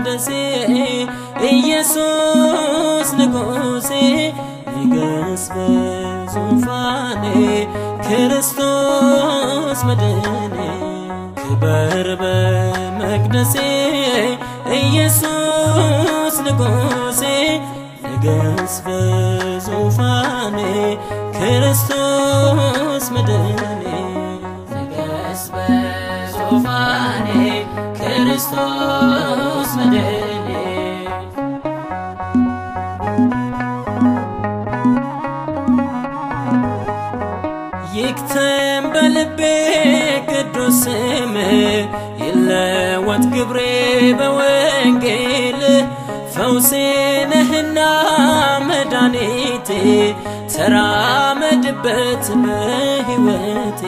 መቅደሴ ኢየሱስ ንጉሴ ይገስ በዙፋኔ ክርስቶስ መድኔ ክበር በመቅደሴ ኢየሱስ ንጉሴ ይገስ በዙፋኔ ክርስቶስ መድኔ ክርስቶስ መድኃኒት ይክተም በልቤ ቅዱስ ስም ይለወጥ ግብሬ በወንጌል ፈውሴ ነህና መድኃኒቴ ተራመድበት በሕይወቴ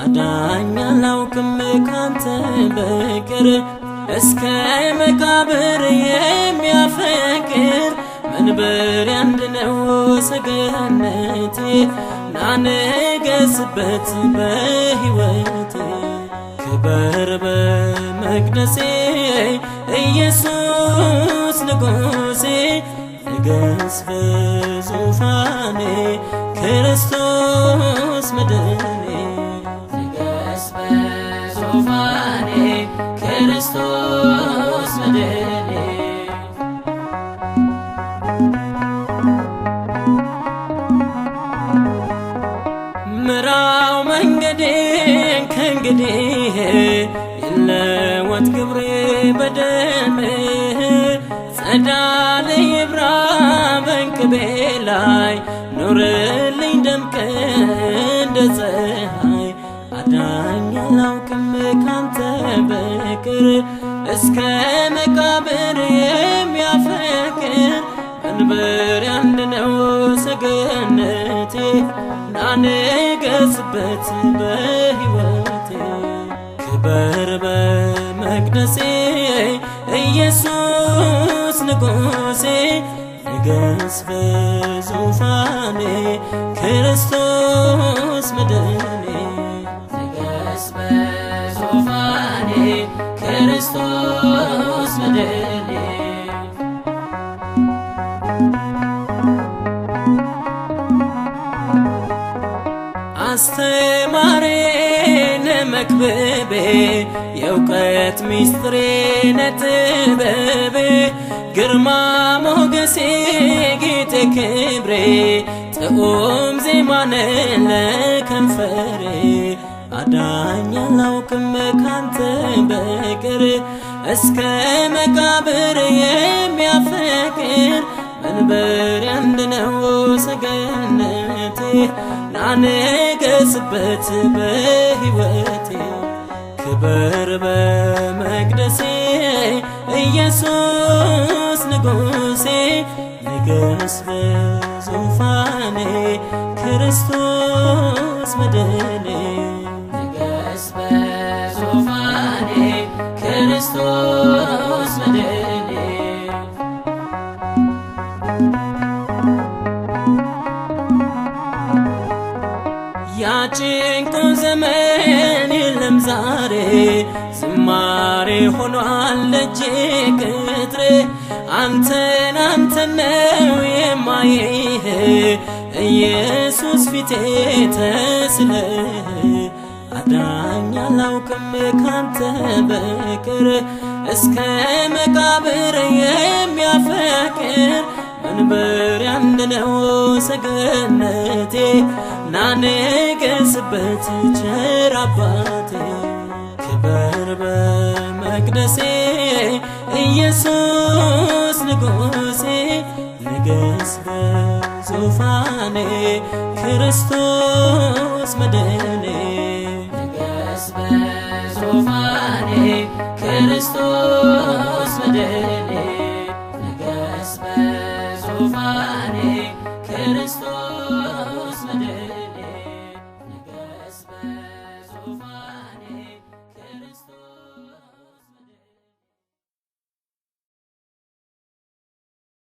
አዳኝ አላውቅም ካንተ በቀር እስከ መቃብር የሚያፈቅር መንበር አንድ ነው ሰገነቴ ናንገስበት በሕይወቴ ክበር በመቅደሴ ኢየሱስ ንጉሴ ንገስ በዙፋኔ ክርስቶስ መድኔ ምራው መንገዴን ከእንግዲህ ይለወጥ ግብሬ በደምህ ጸዳል ይብራ በእንቅቤ ላይ ኑርልኝ ደምቅ እንደ ፀሐይ አዳኝ አላውቅም ካንተ በቅር እስከ መቃብር የሚያፈቅር መንበር ያንድ ነው ገነቴ ናንገስበት በሕይወቴ ክበር በመቅደሴ ኢየሱስ ንጉሴ ንገስ በዙፋኔ ክርስቶስ መድኔ ንገስ አስተማሬ ለመክብቤ የእውቀት ሚስጥሬ ነጥበቤ ግርማ ሞገሴ ጌጤ ክብሬ ጥዑም ዜማነ ለከንፈሬ አዳኝ አላውቅም ካንተ በቀር እስከ መቃብር የሚያፈቅር መንበር አንድ ነው ሰገነቴ ናኔ ልድረስበት በሕይወቴ ክብር በመቅደሴ ኢየሱስ ንጉሴ ንገስ በዙፋኔ ክርስቶስ መድኔ ንገስ በዙፋኔ ክርስቶስ ጭንቀው ዘመን የለም ዛሬ ዝማሬ ሆኗል ለጄ ቅጥሬ አንተን አንተን ነው የማየህ ኢየሱስ ፊቴ ተስለ አዳኝ አላውቅም ካንተ እስከ መቃብር የሚያፈቅር መንበር ነው ሰገነቴ ናንገስበት ቸር አባቴ ክብር በመቅደሴ ኢየሱስ ንጉሴ ንገስ በዙፋኔ ክርስቶስ መድኔ ክርስቶስ መድኔ